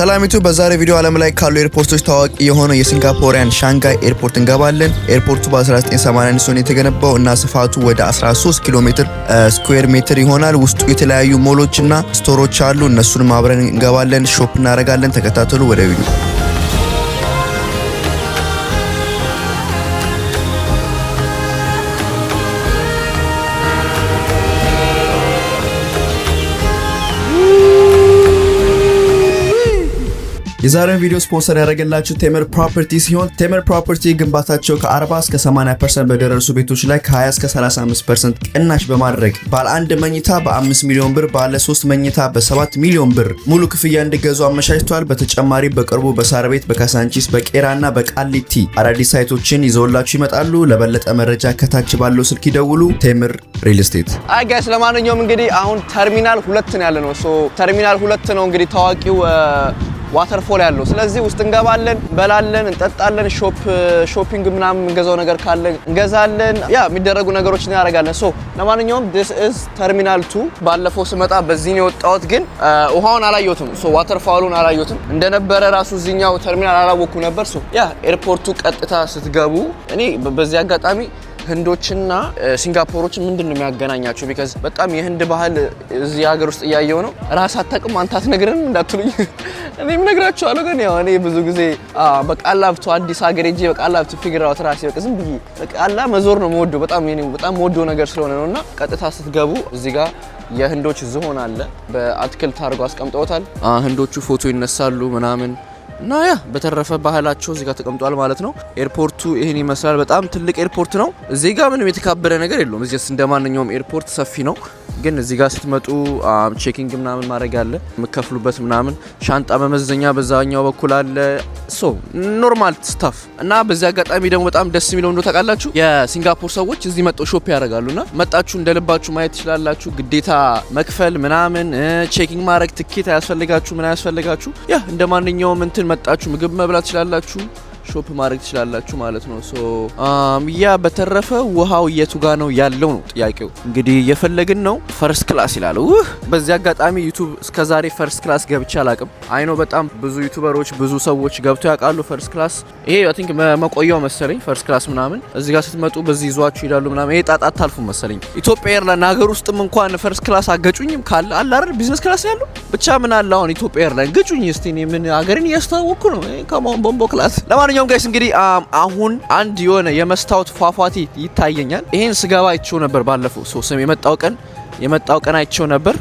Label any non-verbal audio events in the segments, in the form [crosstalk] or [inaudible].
ሰላሚቱ በዛሬ ቪዲዮ ዓለም ላይ ካሉ ኤርፖርቶች ታዋቂ የሆነው የሲንጋፖሪያን ሻንጋይ ኤርፖርት እንገባለን። ኤርፖርቱ በ1980 ሲሆን የተገነባው እና ስፋቱ ወደ 13 ኪሎ ሜትር ስኩዌር ሜትር ይሆናል። ውስጡ የተለያዩ ሞሎች እና ስቶሮች አሉ። እነሱን አብረን እንገባለን፣ ሾፕ እናደርጋለን። ተከታተሉ ወደ ቪዲዮ የዛሬውን ቪዲዮ ስፖንሰር ያደረገላችሁ ቴምር ፕሮፐርቲ ሲሆን ቴምር ፕሮፐርቲ ግንባታቸው ከ40 እስከ 80 ፐርሰንት በደረሱ ቤቶች ላይ ከ20 እስከ 35 ፐርሰንት ቅናሽ በማድረግ ባለ አንድ መኝታ በ5 ሚሊዮን ብር፣ ባለ 3 መኝታ በ7 ሚሊዮን ብር ሙሉ ክፍያ እንዲገዙ አመቻችቷል። በተጨማሪ በቅርቡ በሳር ቤት፣ በካሳንቺስ፣ በቄራ እና በቃሊቲ አዳዲስ ሳይቶችን ይዘውላችሁ ይመጣሉ። ለበለጠ መረጃ ከታች ባለው ስልክ ይደውሉ። ቴምር ሪል ስቴት አይ ለማንኛውም እንግዲህ አሁን ተርሚናል ሁለት ነው ያለ ነው። ሶ ተርሚናል ሁለት ነው እንግዲህ ታዋቂው ዋተር ፎሎ ያለው። ስለዚህ ውስጥ እንገባለን፣ እንበላለን፣ እንጠጣለን፣ ሾፒንግ ምናምን የምንገዛው ነገር ካለ እንገዛለን። ያ የሚደረጉ ነገሮችን እናደርጋለን። ሶ ለማንኛውም ዲስ ኢዝ ተርሚናል ቱ። ባለፈው ስመጣ በዚህ ነው የወጣሁት፣ ግን uh, ውሃውን አላየሁትም። ሶ ዋተርፋሉን አላየሁትም እንደነበረ ራሱ እዚህኛው ተርሚናል አላወኩም ነበር። ሶ ያ ኤርፖርቱ ቀጥታ ስትገቡ እኔ በዚህ አጋጣሚ ህንዶችና ሲንጋፖሮች ምንድን ነው የሚያገናኛቸው? ቢካዝ በጣም የህንድ ባህል እዚህ ሀገር ውስጥ እያየው ነው። ራስ አታውቅም አንተ አትነግረንም እንዳትሉኝ [laughs] እኔም እነግራቸዋለሁ። ግን ያው እኔ ብዙ ጊዜ በቃላብቶ አዲስ ሀገር ሄጄ በቃላብቶ ፊግር አውት ራሴ በቃ ዝም ብዬ በቃላ መዞር ነው የምወደው። በጣም በጣም የምወደው ነገር ስለሆነ ነው። እና ቀጥታ ስትገቡ እዚህ ጋር የህንዶች ዝሆን አለ። በአትክልት አድርገው አስቀምጠውታል። ህንዶቹ ፎቶ ይነሳሉ ምናምን እና ያ በተረፈ ባህላቸው እዚጋ ተቀምጧል ማለት ነው። ኤርፖርቱ ይህን ይመስላል። በጣም ትልቅ ኤርፖርት ነው። እዚህ ምንም የተካበረ ነገር የለውም። እዚ እንደ ማንኛውም ኤርፖርት ሰፊ ነው። ግን እዚህ ጋር ስትመጡ ቼኪንግ ምናምን ማድረግ አለ፣ የምከፍሉበት ምናምን ሻንጣ መመዘኛ በዛኛው በኩል አለ። ሶ ኖርማል ስታፍ እና በዚህ አጋጣሚ ደግሞ በጣም ደስ የሚለው እንደ ታውቃላችሁ የሲንጋፖር ሰዎች እዚህ መጠው ሾፕ ና መጣችሁ እንደ ልባችሁ ማየት ትችላላችሁ። ግዴታ መክፈል ምናምን ቼኪንግ ማድረግ ትኬት አያስፈልጋችሁ ምን አያስፈልጋችሁ ያ እንደ ማንኛውም እንትን መጣችሁ ምግብ መብላት ትችላላችሁ። ሾፕ ማድረግ ትችላላችሁ ማለት ነው። ሶ ያ በተረፈ ውሃው የቱጋ ነው ያለው ነው ጥያቄው። እንግዲህ የፈለግን ነው ፈርስት ክላስ ይላል። ውህ በዚህ አጋጣሚ ዩቱብ እስከዛሬ ፈርስት ክላስ ገብቼ አላቅም። አይኖ በጣም ብዙ ዩቱበሮች ብዙ ሰዎች ገብቶ ያውቃሉ ፈርስት ክላስ። ይሄ አይ ቲንክ መቆያው መሰለኝ ፈርስት ክላስ ምናምን እዚህ ጋር ስትመጡ በዚህ ይዟችሁ ይላሉ ምናምን። ይሄ ጣጣ አታልፉ መሰለኝ። ኢትዮጵያ ኤርላይን ሀገር ውስጥም እንኳን ፈርስት ክላስ አገጩኝም ካለ አለ አይደል ቢዝነስ ክላስ ያሉ ብቻ ምን አለ አሁን ኢትዮጵያ ኤርላይን ገጩኝ እስቲ ምን ሀገርን እያስተዋወቅኩ ነው ከማሁን ቦምቦ ክላስ ለማንኛውም ለማንኛውም ጋይስ እንግዲህ um, አሁን አንድ የሆነ የመስታወት ፏፏቴ ይታየኛል። ይሄን ስገባ አይቼው ነበር ባለፈው ሰው ስም የመጣው ቀን የመጣው ቀን አይቼው ነበር።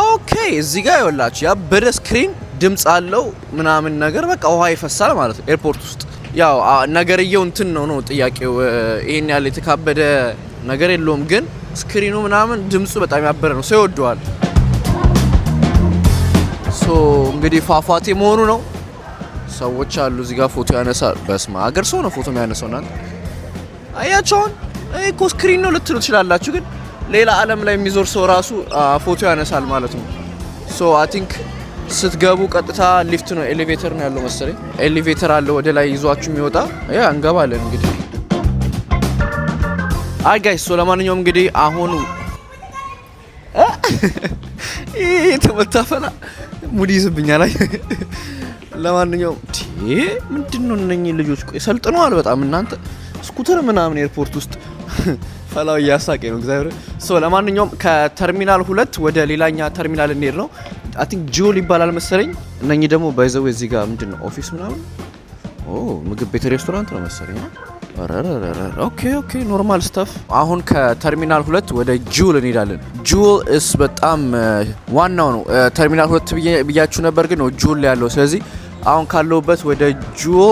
ኦኬ እዚህ ጋር ይወላችሁ ያበደ ስክሪን ድምፅ አለው ምናምን ነገር በቃ ውሃ ይፈሳል ማለት ነው ኤርፖርት ውስጥ ያው ነገርየው እንትን ነው ነው ጥያቄው። ይሄን ያለ የተካበደ ነገር የለውም ግን ስክሪኑ ምናምን ድምፁ በጣም ያበረ ነው፣ ሰው ይወደዋል። ሶ እንግዲህ ፏፏቴ መሆኑ ነው። ሰዎች አሉ እዚህ ጋር ፎቶ ያነሳል። በስመ አብ አገር ሰው ነው ፎቶ የሚያነሳው። እናንተ አያቸውን እኮ ስክሪን ነው ልትሉ ትችላላችሁ፣ ግን ሌላ ዓለም ላይ የሚዞር ሰው ራሱ ፎቶ ያነሳል ማለት ነው። ሶ አይ ቲንክ ስትገቡ ቀጥታ ሊፍት ነው ኤሌቬተር ነው ያለው መሰለኝ። ኤሌቬተር አለ ወደ ላይ ይዟችሁ የሚወጣ ያ እንገባለን እንግዲህ። አይ ጋይስ ሶ ለማንኛውም እንግዲህ አሁን ይህ ተመታፈላ ሙድ ይዝብኛል። ለማንኛውም ምንድን ነው እነኚህ ልጆች ሰልጥነዋል በጣም እናንተ ስኩተር ምናምን ኤርፖርት ውስጥ [laughs] ፈላው እያሳቀ ነው እግዚአብሔር። ሶ ለማንኛውም ከተርሚናል ሁለት ወደ ሌላኛ ተርሚናል እንሄድ ነው። አን ቲንክ ጆል ይባላል መሰለኝ። እነኚህ ደግሞ ባይዘው እዚህ ጋር ምንድን ነው ኦፊስ ምናምን፣ ምግብ ቤት ሬስቶራንት ነው መሰለኝ። ኦኬ ኦኬ፣ ኖርማል ስታፍ። አሁን ከተርሚናል ሁለት ወደ ጁል እንሄዳለን። ጁል እስ በጣም ዋናው ነው። ተርሚናል ሁለት ብያችሁ ነበር ግን ነው ጁል ያለው ስለዚህ አሁን ካለውበት ወደ ጁኦ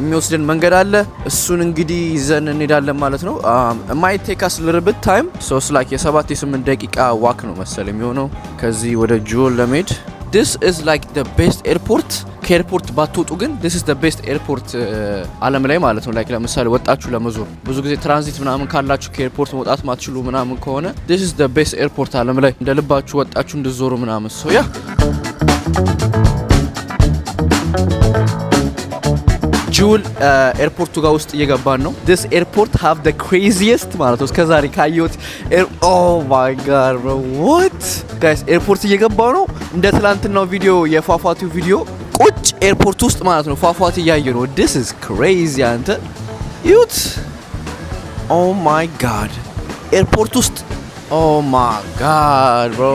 የሚወስደን መንገድ አለ። እሱን እንግዲህ ይዘን እንሄዳለን ማለት ነው። ማይቴካስ ልርብት ታይም ሶስት ላይክ የሰባት የስምንት ደቂቃ ዋክ ነው መሰል የሚሆነው ከዚህ ወደ ጁኦ ለመሄድ ዲስ ኢዝ ላይክ ደ ቤስት ኤርፖርት። ከኤርፖርት ባትወጡ ግን ዲስ ኢዝ ደ ቤስት ኤርፖርት አለም ላይ ማለት ነው። ላይክ ለምሳሌ ወጣችሁ ለመዞር ብዙ ጊዜ ትራንዚት ምናምን ካላችሁ ከኤርፖርት መውጣት ማትችሉ ምናምን ከሆነ ዲስ ኢዝ ደ ቤስት ኤርፖርት አለም ላይ እንደ ልባችሁ ወጣችሁ እንድዞሩ ምናምን ሰው ያ ጁል ኤርፖርቱ ጋር ውስጥ እየገባን ነው። ዲስ ኤርፖርት ሃቭ ደ ክሬዚየስት ማለት ነው እስከዛሬ ካየሁት ኦ ማይ ጋድ ወት ጋይስ፣ ኤርፖርት እየገባ ነው። እንደ ትላንትናው ቪዲዮ የፏፏቴው ቪዲዮ ቁጭ ኤርፖርት ውስጥ ማለት ነው ፏፏቴ እያየ ነው። ዲስ ኢዝ ክሬዚ አንተ ይዩት። ኦ ማይ ጋድ ኤርፖርት ውስጥ ኦ ማይ ጋድ ብሮ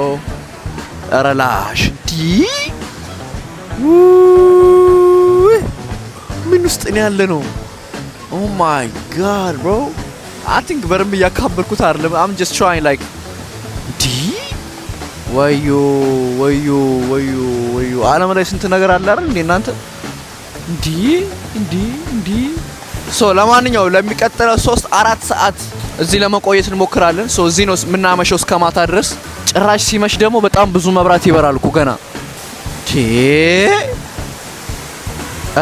ረላሽ ዲ ምን ውስጥ ነው ያለ ነው? ኦ ማይ ጋድ ብሮ አይ ቲንክ በደንብ እያካበድኩት አይደለም። አም ጀስት ትራይንግ ላይክ ዲ ወዮ ወዮ ወዮ ወዮ ዓለም ላይ ስንት ነገር አለ አይደል እንዴ እናንተ እንዲ እንዲ እንዲ ሶ ለማንኛው ለሚቀጥለው ሶስት አራት ሰዓት እዚህ ለመቆየት እንሞክራለን። ሶ እዚህ ነው የምናመሸው እስከ ማታ ድረስ። ጭራሽ ሲመሽ ደግሞ በጣም ብዙ መብራት ይበራል እኮ ገና ቴ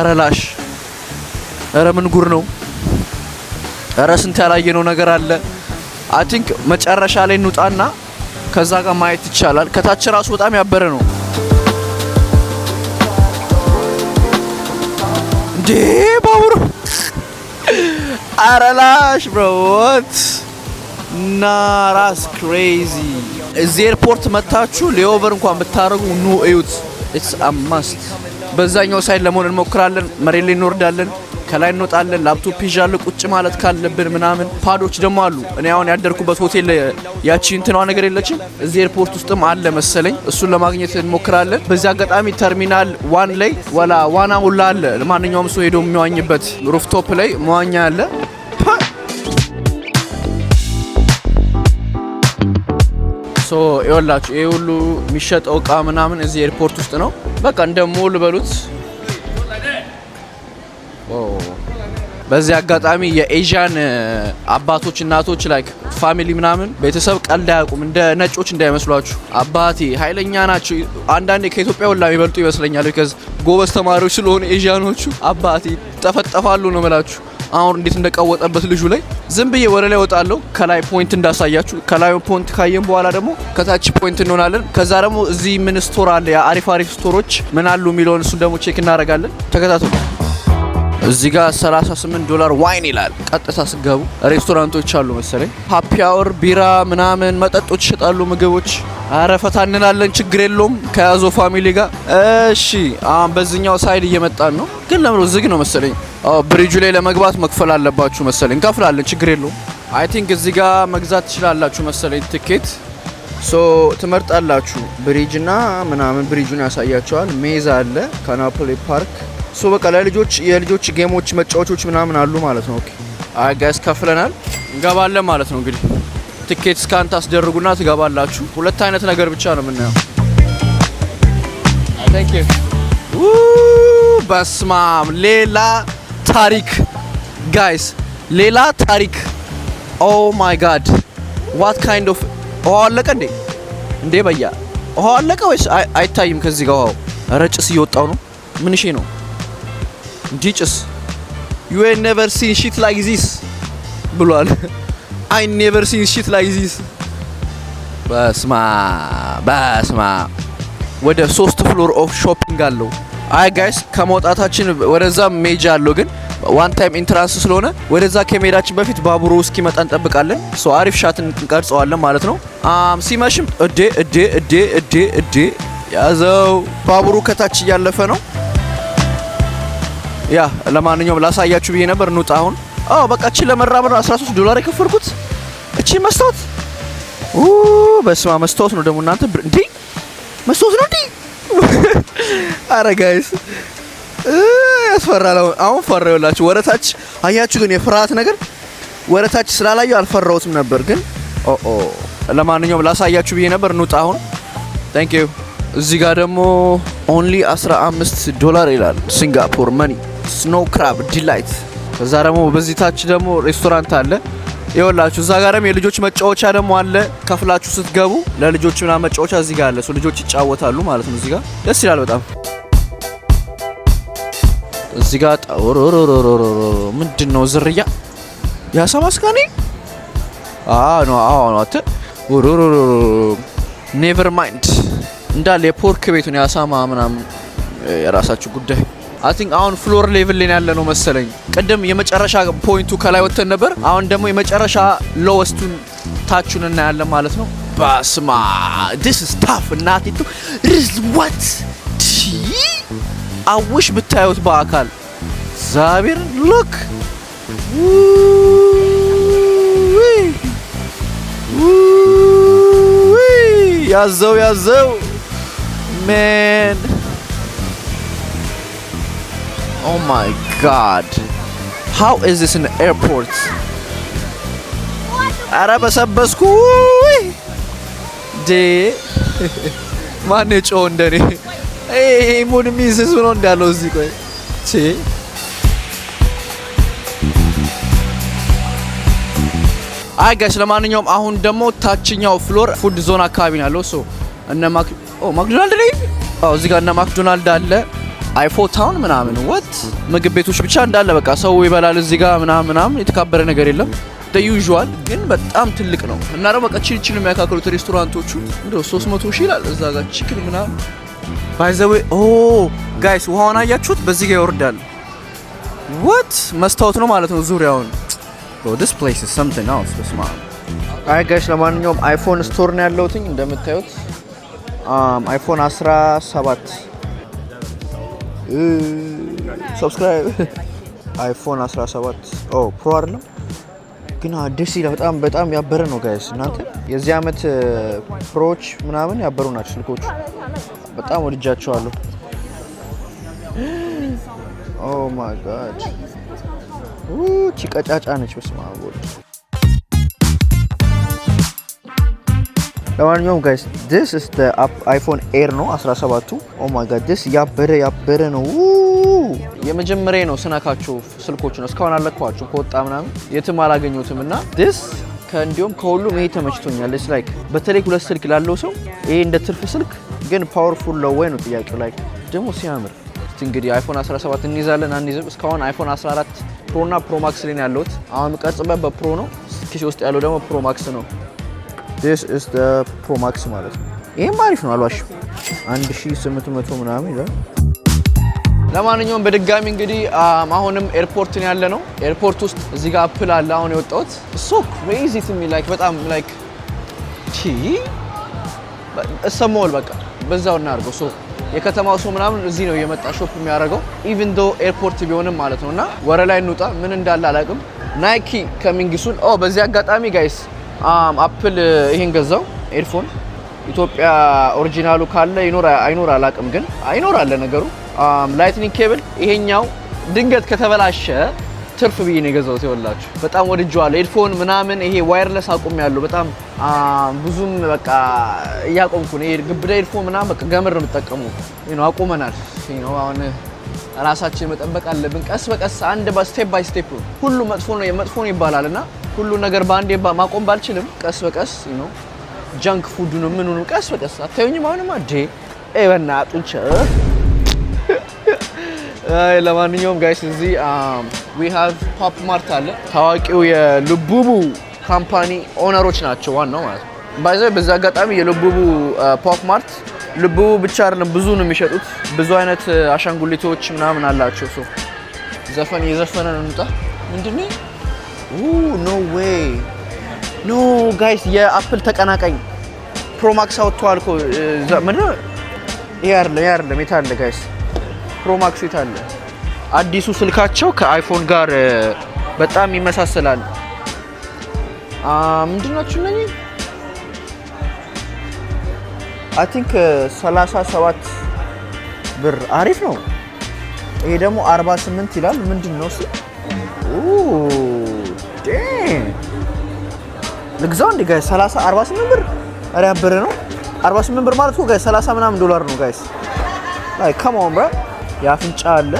ረላሽ ኧረ ምን ጉር ነው! እረ ስንት ያላየነው ነገር አለ። አይ ቲንክ መጨረሻ ላይ እንውጣና ከዛ ጋር ማየት ይቻላል። ከታች ራሱ በጣም ያበረ ነው እንዴ ባቡሩ! ኧረ ብሮት እና ራስ ክሬዚ እዚህ ኤርፖርት መታችሁ ሌኦቨር እንኳን ብታደርጉ ኑ እዩት። ኢትስ ማስት። በዛኛው ሳይድ ለመሆን እንሞክራለን። መሬት ላይ እንወርዳለን። ከላይ እንወጣለን። ላፕቶፕ ይዣለሁ ቁጭ ማለት ካለብን ምናምን ፓዶች ደግሞ አሉ። እኔ አሁን ያደርኩበት ሆቴል ያቺ እንትኗ ነገር የለችም። እዚህ ኤርፖርት ውስጥም አለ መሰለኝ። እሱን ለማግኘት እንሞክራለን። በዚህ አጋጣሚ ተርሚናል ዋን ላይ ወላ ዋና ሁላ አለ። ማንኛውም ሰው ሄዶ የሚዋኝበት ሩፍቶፕ ላይ መዋኛ አለ። ሶ ይወላችሁ ይሄ ሁሉ የሚሸጠው እቃ ምናምን እዚህ ኤርፖርት ውስጥ ነው። በቃ እንደ ሞል በሉት በዚህ አጋጣሚ የኤዥያን አባቶች እናቶች ላይ ፋሚሊ ምናምን ቤተሰብ ቀልድ አያውቁም። እንደ ነጮች እንዳይመስሏችሁ። አባቴ ኃይለኛ ናቸው። አንዳንዴ ከኢትዮጵያ ሁላ የሚበልጡ ይመስለኛል። ከዚ ጎበዝ ተማሪዎች ስለሆኑ ኤዥያኖቹ አባቴ ጠፈጠፋሉ ነው ምላችሁ። አሁን እንዴት እንደቀወጠበት ልጁ ላይ ዝም ብዬ ወደ ላይ ወጣለሁ። ከላይ ፖይንት እንዳሳያችሁ። ከላይ ፖይንት ካየን በኋላ ደግሞ ከታች ፖይንት እንሆናለን። ከዛ ደግሞ እዚህ ምን ስቶር አለ፣ አሪፍ አሪፍ ስቶሮች ምን አሉ የሚለውን እሱን ደግሞ ቼክ እናደርጋለን። ተከታተሉ። እዚህ ጋር 38 ዶላር ዋይን ይላል። ቀጥታ ስገቡ ሬስቶራንቶች አሉ መሰለኝ። ሀፒ አወር ቢራ ምናምን መጠጦች ይሸጣሉ፣ ምግቦች። አረፈታ እንላለን፣ ችግር የለውም ከያዞ ፋሚሊ ጋር። እሺ አሁን በዚህኛው ሳይድ እየመጣን ነው፣ ግን ለምሮ ዝግ ነው መሰለኝ። ብሪጁ ላይ ለመግባት መክፈል አለባችሁ መሰለኝ። እንከፍላለን፣ ችግር የለውም። አይ ቲንክ እዚህ ጋር መግዛት ትችላላችሁ መሰለኝ ትኬት ሶ ትመርጣላችሁ። ብሪጅና ምናምን ብሪጁን ያሳያቸዋል። ሜዝ አለ ከናፖሊ ፓርክ ሶ በቃ ለልጆች የልጆች ጌሞች መጫወቾች ምናምን አሉ ማለት ነው። ኦኬ አይ ጋይስ ከፍለናል እንገባለን ማለት ነው። እንግዲህ ትኬት ስካን ታስደርጉና ትገባላችሁ። ሁለት አይነት ነገር ብቻ ነው የምናየው። ቴንክ ዩ በስማም ሌላ ታሪክ ጋይስ፣ ሌላ ታሪክ ኦ ማይ ጋድ ዋት ካይንድ ኦፍ ውሃው አለቀ እንዴ? እንዴ በያ ውሃ አለቀ ወይስ አይታይም? ከዚህ ጋር ውሃው ረጭስ እየወጣው ነው። ምንሽ ነው ዲጭስ ዩ ኔቨር ሲን ሺት ላይክ ዚስ ብሏል። አይ ኔቨር ሲን ሺት ላይክ ዚስ። በስማ በስማ ወደ ሶስት ፍሎር ኦፍ ሾፒንግ አለው። አይ ጋይስ ከመውጣታችን ወደዛ ሜጃ አለው ግን ዋን ታይም ኢንትራንስ ስለሆነ ወደዛ ከመሄዳችን በፊት ባቡሩ እስኪመጣ እንጠብቃለን። ሰው አሪፍ ሻት እንቀርጸዋለን ማለት ነው። um, ሲመሽም እዴ እዴ እዴ እዴ እዴ ያዘው ባቡሩ ከታች እያለፈ ነው። ያ ለማንኛውም ላሳያችሁ ብዬ ነበር። እንውጣ አሁን። አዎ በቃ እቺ ለመራመድ 13 ዶላር የከፈልኩት እቺ መስታወት ኡ በስማ መስታወት ነው ደግሞ እናንተ እንዴ! መስታወት ነው እንዴ! [laughs] አረ ጋይስ ያስፈራል። አሁን ፈራውላችሁ። ወረታች አያችሁ፣ ግን የፍርሃት ነገር ወረታች ስላላዩ አልፈራሁትም ነበር። ግን ኦ ኦ ለማንኛውም ላሳያችሁ ብዬ ነበር። እንውጣ አሁን። ታንክ ዩ። እዚህ ጋር ደግሞ ኦንሊ 15 ዶላር ይላል ሲንጋፖር መኒ ስኖ ክራብ ዲላይት። እዛ ደግሞ በዚህ ታች ደግሞ ሬስቶራንት አለ ይወላችሁ። እዛ ጋር ደግሞ የልጆች መጫወቻ ደግሞ አለ። ከፍላችሁ ስትገቡ ለልጆች ምናምን መጫወቻ እዚህ ጋር አለ። ልጆች ይጫወታሉ ማለት ነው። እዚህ ጋር ደስ ይላል በጣም እዚህ ጋር ምንድን ነው ዝርያ የአሳማ ስጋኔ ኔቨር ማይንድ እንዳለ የፖርክ ቤቱን የአሳማ ምናምን የራሳችሁ ጉዳይ አይ አሁን ፍሎር ሌቭል ላይ ያለ ነው መሰለኝ። ቅድም የመጨረሻ ፖይንቱ ከላይ ወተን ነበር። አሁን ደግሞ የመጨረሻ ሎወስቱን ታቹን እናያለን ማለት ነው። በስማ ዲስ ኢዝ ታፍ እናቲቱ ሪዝ ዋት አውሽ ብታዩት በአካል ዛቢር ሉክ ያዘው ያዘው ሜን Oh my god. How is this an airport? አረ በሰበስኩ ዴ ማን ጮ እንደኔ ሙድ ሚዝ ነው እንዳለው እዚህ ቆይ አይ ጋሽ ለማንኛውም አሁን ደግሞ ታችኛው ፍሎር ፉድ ዞን አካባቢ ነው ያለው። እነ ማክዶናልድ እዚህ ጋር እነ ማክዶናልድ አለ። አይፎታውን ምናምን ወት ምግብ ቤቶች ብቻ እንዳለ በቃ ሰው ይበላል እዚህ ጋር ምናምን ምናምን የተካበረ ነገር የለም። ዩዥዋል ግን በጣም ትልቅ ነው እና ደግሞ በቃ ችልችን የሚያካክሉት ሬስቶራንቶቹ እንደ 300 ሺ ይላል እዛ ጋር ቺክን ምናምን ባይዘዌ ኦ ጋይስ ውሃውን አያችሁት? በዚህ ጋር ይወርዳል። ወት መስታወት ነው ማለት ነው ዙሪያውን። ዲስ ፕሌስ ኢዝ ሰምቲንግ በስማ አይ ጋይስ፣ ለማንኛውም አይፎን ስቶር ነው ያለሁት እንደምታዩት um, አይፎን 17 ሰብስክራይብ አይፎን 17 ፕሮ አይደለም ግን ደስ ይላል። በጣም በጣም ያበረ ነው ጋይስ። እናንተ የዚህ አመት ፕሮዎች ምናምን ያበሩ ናቸው ስልኮቹ። በጣም ወድጃቸዋለሁ። ኦ ማይ ጋድ! ቀጫጫ ነች። በስመ አብ ወልድ ለማንኛውም ጋይስ ዲስ ኢስ ዘ አይፎን ኤር ነው 17ቱ። ኦ ማይ ጋድ ዲስ ያበረ ያበረ ነው። የመጀመሪያ ነው ስነካቸው ስልኮች ነው እስካሁን አለኳቸው ከወጣ ምናምን የትም አላገኘሁትም እና ዲስ ከእንዲሁም ከሁሉም ይሄ ተመችቶኛል። ስ ላይክ በተለይ ሁለት ስልክ ላለው ሰው ይሄ እንደ ትርፍ ስልክ ግን ፓወርፉል ነው ወይ ነው ጥያቄው። ላይክ ደግሞ ሲያምር እንግዲህ አይፎን 17 እንይዛለን አንይዝም። እስካሁን አይፎን 14 ፕሮና ፕሮማክስ ላይ ያለሁት አሁን ቀርጽበት በፕሮ ነው ኪሴ ውስጥ ያለው ደግሞ ፕሮማክስ ነው። ዲስ ኢዝ ዘ ፕሮ ማክስ ማለት ነው። ይሄም አሪፍ ነው አልዋሽም። 1800 ምናምን ይላል። ለማንኛውም በድጋሚ እንግዲህ አሁንም ኤርፖርት ነው ያለ ነው። ኤርፖርት ውስጥ እዚህ ጋር አፕል አለ አሁን የወጣሁት ሶ ክሬዚ ቲሚ ላይክ በጣም ላይክ ቺ እሰማዋል። በቃ በዛው እናድርገው። ሶ የከተማው ሰው ምናምን እዚህ ነው የመጣ ሾፕ የሚያደርገው ኢቭን ዶ ኤርፖርት ቢሆንም ማለት ነው። እና ወረ ላይ እንውጣ ምን እንዳለ አላውቅም። ናይኪ ከሚንግሱን ኦ በዚህ አጋጣሚ ጋይስ አፕል ይሄን ገዛው ኤርፎን ኢትዮጵያ ኦሪጂናሉ ካለ ይኖር አይኖር አላቅም፣ ግን አይኖር አለ ነገሩ። ላይትኒንግ ኬብል ይሄኛው ድንገት ከተበላሸ ትርፍ ብዬ ነው የገዛሁት። ይኸውላችሁ በጣም ወድጄዋለሁ። ኤድፎን ምናምን ይሄ ዋየርለስ አቁም ያለው በጣም ብዙም በቃ እያቆምኩ ነው። ይሄ ግብዳ ኤድፎን ምናምን በቃ ገመድ ነው የምጠቀሙ አቁመናል። ይሄ ነው አሁን ራሳችን መጠበቅ አለብን። ቀስ በቀስ አንድ ስቴፕ ባይ ስቴፕ ሁሉ መጥፎ ነው የመጥፎ ነው ይባላል እና ሁሉ ነገር በአንዴ ማቆም ባልችልም ቀስ በቀስ ነው። ጃንክ ፉድ ነው ምን ሆኖ ቀስ በቀስ አታዩኝም። አሁንማ አዴ ኤበና ጡንቸ [laughs] ለማንኛውም ጋይስ እዚህ ዊ ሃቭ ፖፕ ማርት አለ። ታዋቂው የልቡቡ ካምፓኒ ኦነሮች ናቸው ዋናው ማለት ነው። ባይዘ በዚ አጋጣሚ የልቡቡ ፖፕ uh, ማርት ልቡ ብቻ አይደለም፣ ብዙ ነው የሚሸጡት። ብዙ አይነት አሻንጉሊቶች ምናምን አላቸው። ሶ ዘፈን እየዘፈነ ነው። እንውጣ። ምንድን ኖ ዌይ ኖ ጋይስ፣ የአፕል ተቀናቃኝ ፕሮማክስ አውጥተዋል እኮ። ምን? ይሄ? አይደለም ይሄ አይደለም። የት አለ ጋይስ? ፕሮማክስ የት አለ? አዲሱ ስልካቸው ከአይፎን ጋር በጣም ይመሳሰላል። ምንድናችሁ እነዚህ አይ ቲንክ 37 ብር አሪፍ ነው። ይሄ ደግሞ 48 ይላል። ምንድን ነው እሱ? ልግዛው እንዴ ጋይስ 30 48 ብር አሪያ ብር ነው። 48 ብር ማለት ጋይስ 30 ምናምን ዶላር ነው ጋይስ። ላይ ኦን ብራ የአፍንጫ አለ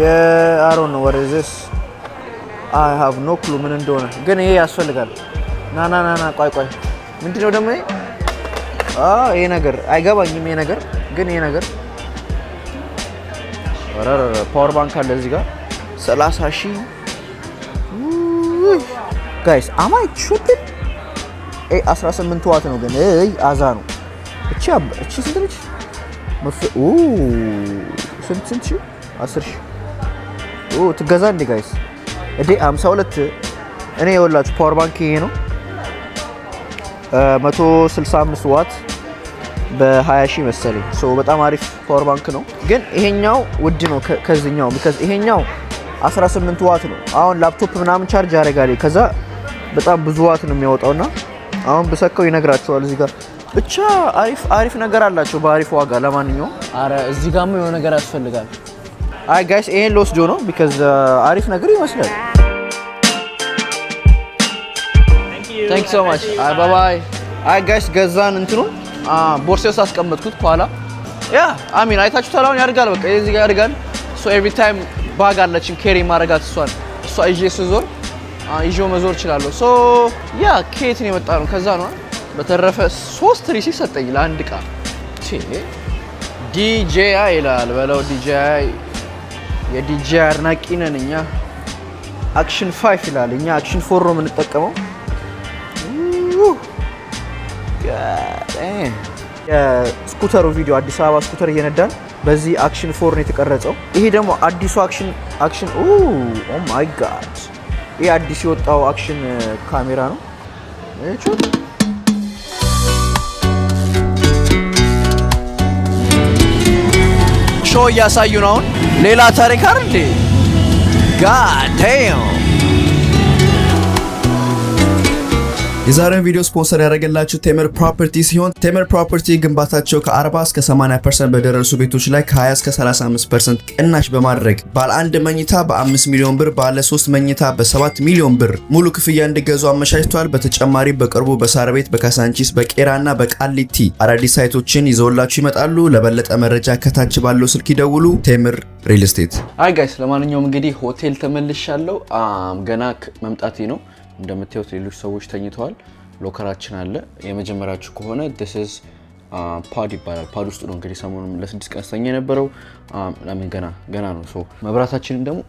የአሮ ነው ወር ወረዘስ አይ ሃቭ ኖ ክሉ ምን እንደሆነ ግን ይሄ ያስፈልጋል። ና ና ና ና ቋይ ቆይ ምንድነው ደግሞ ይሄ ይሄ ነገር አይገባኝም። ይሄ ነገር ግን ይሄ ነገር ፓወር ባንክ አለ እዚህ ጋር 30 ሺህ ጋይስ አማይ ሹት 18 ዋት ነው ግን እይ አዛ ነው እቺ እቺ ስንት ነች? ስንት ስንት ሺህ 10 ሺህ ትገዛ እንዴ ጋይስ እዴ 52 እኔ የወላችሁ ፓወር ባንክ ይሄ ነው 165 ዋት በ20 ሺ መሰለኝ። ሶ በጣም አሪፍ ፓወር ባንክ ነው፣ ግን ይሄኛው ውድ ነው ከዚህኛው። ቢካዝ ይሄኛው 18 ዋት ነው። አሁን ላፕቶፕ ምናምን ቻርጅ ያደርጋል፣ ከዛ በጣም ብዙ ዋት ነው የሚያወጣውና አሁን ብሰካው ይነግራቸዋል እዚህ ጋር ብቻ አሪፍ አሪፍ ነገር አላቸው በአሪፍ ዋጋ። ለማንኛውም አረ እዚህ ጋርም የሆነ ነገር ያስፈልጋል። አይ ጋይስ ይሄን ልወስዶ ነው ቢካዝ አሪፍ ነገር ይመስላል። ታንክ ሶ ማች አይ ባባይ አይ ጋይስ ገዛን እንትኑን ቦርሴ ውስጥ አስቀመጥኩት ከኋላ ያ አሚን አይታችሁታል። አሁን ያድጋል፣ በቃ እዚህ ጋር ያድጋል። ሶ ኤቭሪ ታይም ባግ አለችን ኬሪ ማረጋት እሷን እሷ ይዤ ስዞር ይዤው መዞር እችላለሁ። ሶ ያ ኬት ነው የመጣ ነው ከዛ ነው። በተረፈ ሶስት ሪሲፕ ሰጠኝ ለአንድ እቃ ዲጄአይ ይላል በለው። ዲጄአይ የዲጄአይ አድናቂ ነን እኛ። አክሽን ፋይፍ ይላል እኛ አክሽን ፎር ነው የምንጠቀመው የስኩተሩ ቪዲዮ አዲስ አበባ ስኩተር እየነዳን በዚህ አክሽን ፎርን የተቀረጸው። ይሄ ደግሞ አዲሱ አክሽን አክሽን ኦ ማይ ጋድ! ይህ አዲስ የወጣው አክሽን ካሜራ ነው። ሾው እያሳዩ ነው አሁን። ሌላ ታሪክ አይደል ጋ ዳም የዛሬውን ቪዲዮ ስፖንሰር ያደረገላችሁ ቴምር ፕሮፐርቲ ሲሆን ቴምር ፕሮፐርቲ ግንባታቸው ከ40 እስከ 80% በደረሱ ቤቶች ላይ ከ20 እስከ 35% ቅናሽ በማድረግ ባለ አንድ መኝታ በ5 ሚሊዮን ብር፣ ባለ 3 መኝታ በ7 ሚሊዮን ብር ሙሉ ክፍያ እንዲገዙ አመቻችቷል። በተጨማሪ በቅርቡ በሳር ቤት፣ በካሳንቺስ፣ እና በቃሊቲ አዳዲስ ሳይቶችን ይዘውላችሁ ይመጣሉ። ለበለጠ መረጃ ከታች ባለው ስልክ ይደውሉ። ቴምር ሪል ስቴት። አይ ጋይስ፣ ለማንኛውም እንግዲህ ሆቴል ተመልሻለሁ። ገና መምጣቴ ነው እንደምታዩት ሌሎች ሰዎች ተኝተዋል። ሎከራችን አለ። የመጀመሪያችሁ ከሆነ ስ ፓድ uh, ይባላል። ፓድ ውስጥ ነው እንግዲህ ሰሞኑን ለስድስት ቀን ስተኛ የነበረው uh, ለምን ገና ገና ነው። ሶ መብራታችንን ደግሞ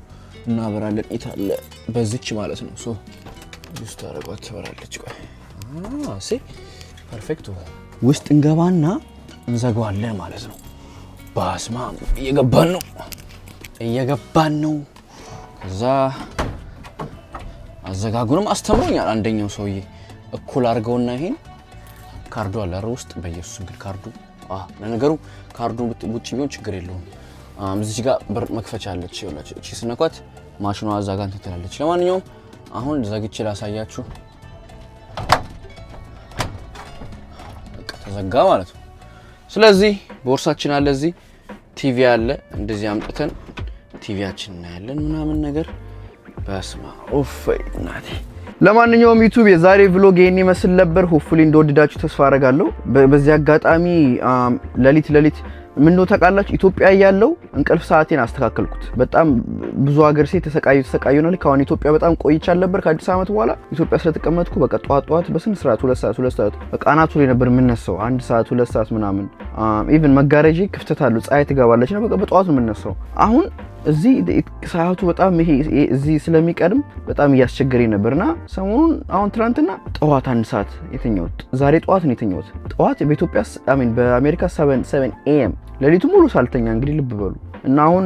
እናበራለን። ኢት አለ በዚች ማለት ነው። ሶ ውስጥ አረጓት ትበራለች። ቆይ ሴ ah, ፐርፌክት። ውስጥ እንገባና እንዘጋዋለን ማለት ነው። በስማ እየገባን ነው እየገባን ነው ከዛ አዘጋጉንም አስተምሮኛል። አንደኛው ሰውዬ እኩል አድርገውና ይሄን ካርዱ አለ ረ ውስጥ በኢየሱስ እንግዲህ ካርዱ ለነገሩ ካርዱ ውጭ ቢሆን ችግር የለውም። እዚች ጋር በር መክፈቻ አለች። እቺ ስነኳት ማሽኗ እዛ ጋር እንትን ትላለች። ለማንኛውም አሁን ዘግቼ ላሳያችሁ። ተዘጋ ማለት ነው። ስለዚህ ቦርሳችን አለ፣ እዚህ ቲቪ አለ። እንደዚህ አምጥተን ቲቪያችን እናያለን ምናምን ነገር በስማ ኦፍ እናቴ። ለማንኛውም ዩቱብ የዛሬ ቭሎግ ይሄን ይመስል ነበር። ሆፕፉሊ እንደወደዳችሁ ተስፋ አረጋለሁ። በዚህ አጋጣሚ ለሊት ለሊት ምን ነው ታውቃላችሁ፣ ኢትዮጵያ ያለው እንቅልፍ ሰዓቴን አስተካከልኩት። በጣም ብዙ ሀገር ሴት ተሰቃዩ ተሰቃዩ ነው። ከአሁን ኢትዮጵያ በጣም ቆይቻል ነበር። ከአዲስ ዓመት በኋላ ኢትዮጵያ ስለተቀመጥኩ በቃ ጠዋት ጠዋት በስነ ስርዓት ሁለት ሰዓት ሁለት ሰዓት በቃ አናቱ ላይ ነበር የምነሳው። አንድ ሰዓት ሁለት ሰዓት ምናምን ኢቭን መጋረጃ ክፍተት አለው፣ ፀሐይ ትገባለች በቃ በጠዋት ነው የምነሳው አሁን እዚህ ሰዓቱ በጣም ይሄ እዚህ ስለሚቀድም በጣም እያስቸገረኝ ነበርና ሰሞኑን አሁን ትናንትና ጠዋት አንድ ሰዓት የተኛሁት ዛሬ ጠዋት ነው የተኛሁት። ጠዋት በኢትዮጵያ በአሜሪካ ሰቨን ኤም ሌሊቱ ሙሉ ሳልተኛ እንግዲህ ልብ በሉ እና አሁን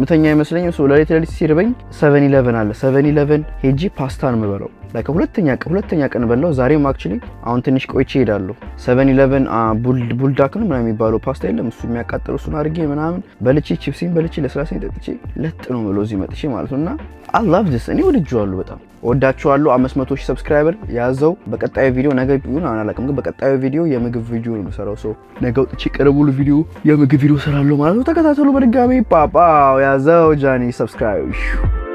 ምተኛ አይመስለኝም። ሰው ለሌት ለሊት ሲርበኝ ሰቨን ኢለቨን አለ ሰቨን ኢለቨን ሄጂ ፓስታ ነው የምበላው። ላይክ ሁለተኛ ቀን ሁለተኛ ቀን በላው። ዛሬም አክቹሊ አሁን ትንሽ ቆይቼ እሄዳለሁ። ሰቨን ኢለቨን ቡልዳክ ነው ምናምን የሚባለው ፓስታ የለም እሱ የሚያቃጥል እሱን አድርጌ ምናምን በልቼ ቺፕሲን በልቼ ለስላሴን ጠጥቼ ለጥ ነው ምሎ እዚህ መጥቼ ማለት ነው እና አይ ላቭ ዲስ እኔ ወድጄዋለሁ በጣም ወዳችኋለሁ። 500 ሺህ ሰብስክራይበር ያዘው። በቀጣዩ ቪዲዮ ነገ ቢሆን አላውቅም፣ ግን በቀጣዩ ቪዲዮ የምግብ ቪዲዮ ነው የምሰራው። ሰው ነገ ወጥቼ ቀረቡሉ ቪዲዮ የምግብ ቪዲዮ እሰራለሁ ማለት ነው። ተከታተሉ በድጋሚ Mi papa, pa. Ja zao, Johnny, subscribe.